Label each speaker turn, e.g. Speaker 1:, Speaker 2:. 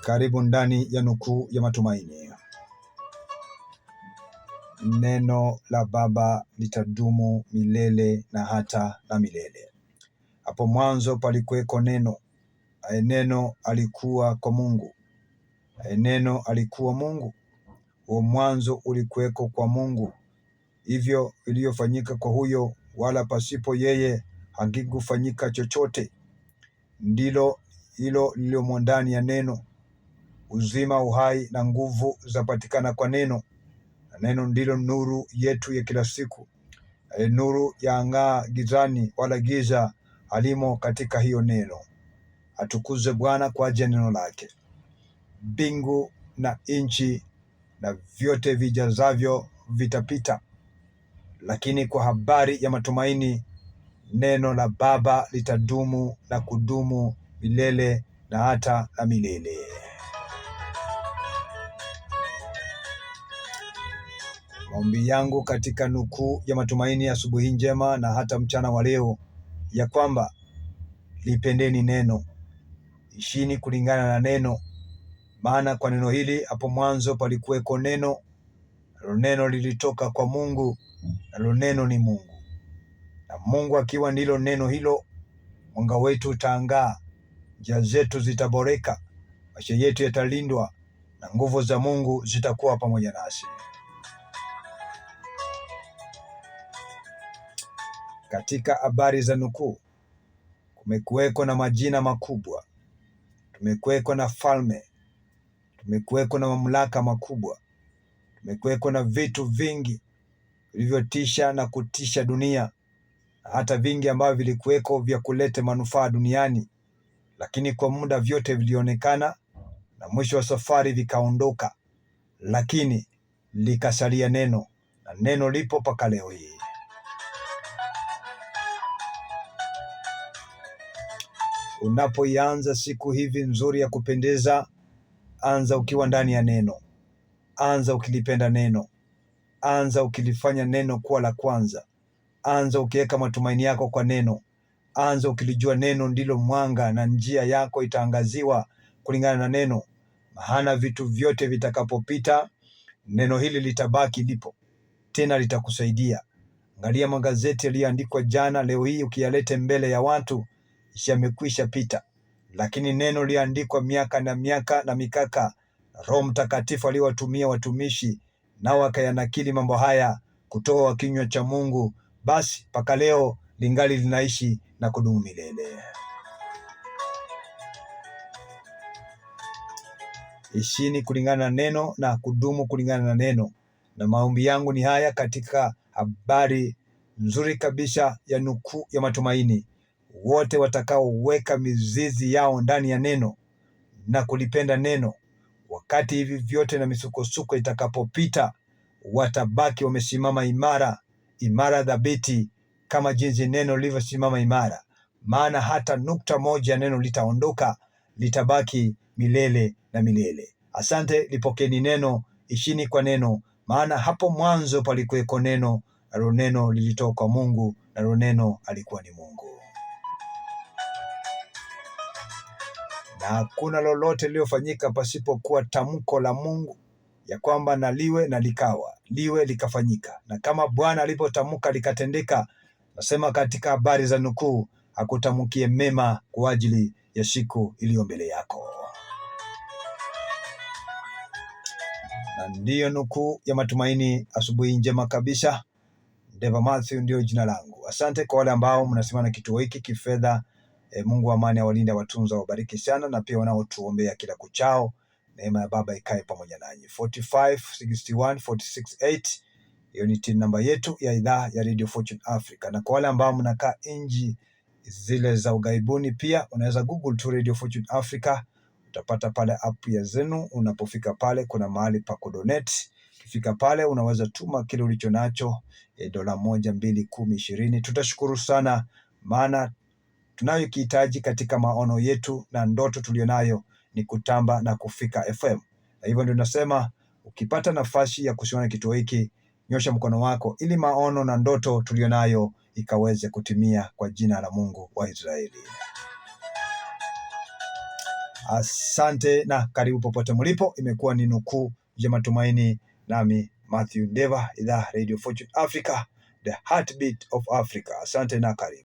Speaker 1: Karibu ndani ya nukuu ya matumaini. Neno la Baba litadumu milele na hata na milele. Hapo mwanzo palikuweko neno, naye neno alikuwa kwa Mungu, naye neno alikuwa Mungu. Huo mwanzo ulikuweko kwa Mungu. Hivyo iliyofanyika kwa huyo, wala pasipo yeye hangikufanyika chochote. Ndilo hilo liliomo ndani ya neno, Uzima, uhai na nguvu zapatikana kwa neno, na neno ndilo nuru yetu ya kila siku. E, nuru ya ng'aa gizani, wala giza halimo katika hiyo neno. Atukuze Bwana kwa ajili ya neno lake. Mbingu na nchi na vyote vijazavyo vitapita, lakini kwa habari ya matumaini neno la Baba litadumu na kudumu milele na hata na milele. Ombi yangu katika nukuu ya matumaini asubuhi njema na hata mchana wa leo, ya kwamba lipendeni neno, ishini kulingana na neno, maana kwa neno hili hapo mwanzo palikuweko neno, nalo neno lilitoka kwa Mungu, nalo neno ni Mungu, na Mungu akiwa ndilo neno hilo, mwanga wetu utaangaa, njia zetu zitaboreka, maisha yetu yatalindwa, na nguvu za Mungu zitakuwa pamoja nasi. Katika habari za nukuu, kumekuweko na majina makubwa, tumekuweko na falme, tumekuweko na mamlaka makubwa, tumekuweko na vitu vingi vilivyotisha na kutisha dunia, na hata vingi ambavyo vilikuweko vya kuleta manufaa duniani, lakini kwa muda vyote vilionekana na mwisho wa safari vikaondoka, lakini likasalia neno, na neno lipo mpaka leo hii. Unapoianza siku hivi nzuri ya kupendeza, anza ukiwa ndani ya neno, anza ukilipenda neno, anza ukilifanya neno kuwa la kwanza, anza ukiweka matumaini yako kwa neno, anza ukilijua neno ndilo mwanga na njia yako itaangaziwa kulingana na neno, maana vitu vyote vitakapopita, neno hili litabaki lipo tena, litakusaidia. Angalia magazeti yaliyoandikwa jana, leo hii ukiyalete mbele ya watu yamekwisha pita, lakini neno liliandikwa miaka na miaka na mikaka. Roho Mtakatifu aliwatumia watumishi, nao akayanakili mambo haya kutoka kinywa cha Mungu, basi mpaka leo lingali linaishi na kudumu milele. Ishini kulingana na neno na kudumu kulingana na neno. Na maombi yangu ni haya katika habari nzuri kabisa ya nukuu ya matumaini wote watakaoweka mizizi yao ndani ya neno na kulipenda neno, wakati hivi vyote na misukosuko itakapopita, watabaki wamesimama imara, imara dhabiti, kama jinsi neno lilivyosimama imara. Maana hata nukta moja ya neno litaondoka, litabaki milele na milele. Asante, lipokeni neno, ishini kwa neno, maana hapo mwanzo palikuweko neno, nalo neno lilitoka kwa Mungu, nalo neno alikuwa ni Mungu. na hakuna lolote liliofanyika pasipokuwa tamko la Mungu ya kwamba na liwe na likawa, liwe likafanyika. Na kama Bwana alipotamka likatendeka. Nasema katika habari za nukuu, akutamkie mema kwa ajili ya siku iliyo mbele yako. Na ndiyo nukuu ya matumaini. Asubuhi njema kabisa. Deva Mathew ndiyo jina langu. Asante kwa wale ambao mnasimama na kituo hiki kifedha. E, Mungu amani awalinde, watunza, wabariki sana, na pia wanaotuombea kila kuchao. Neema ya Baba ikae pamoja nanyi. 4561468 hiyo ni tin namba yetu ya idhaa ya Radio Fortune Africa, na kwa wale ambao mnakaa nji zile za ugaibuni, pia unaweza google tu Radio Fortune Africa, utapata pale app ya zenu. Unapofika pale, kuna mahali pa kudonate Ukifika pale unaweza tuma kile ulicho nacho, e, dola moja, mbili, kumi, ishirini. Tutashukuru sana maana tunayokihitaji katika maono yetu na ndoto tulionayo ni kutamba na kufika FM. Na hivyo ndio tunasema ukipata nafasi ya kushirikiana kituo hiki, nyosha mkono wako ili maono na ndoto tulionayo ikaweze kutimia kwa jina la Mungu wa Israeli. Asante na karibu popote mlipo. Imekuwa ni nukuu ya matumaini, nami Matthew Ndeva, idhaa Radio Fortune Africa, the heartbeat of Africa. Asante na karibu.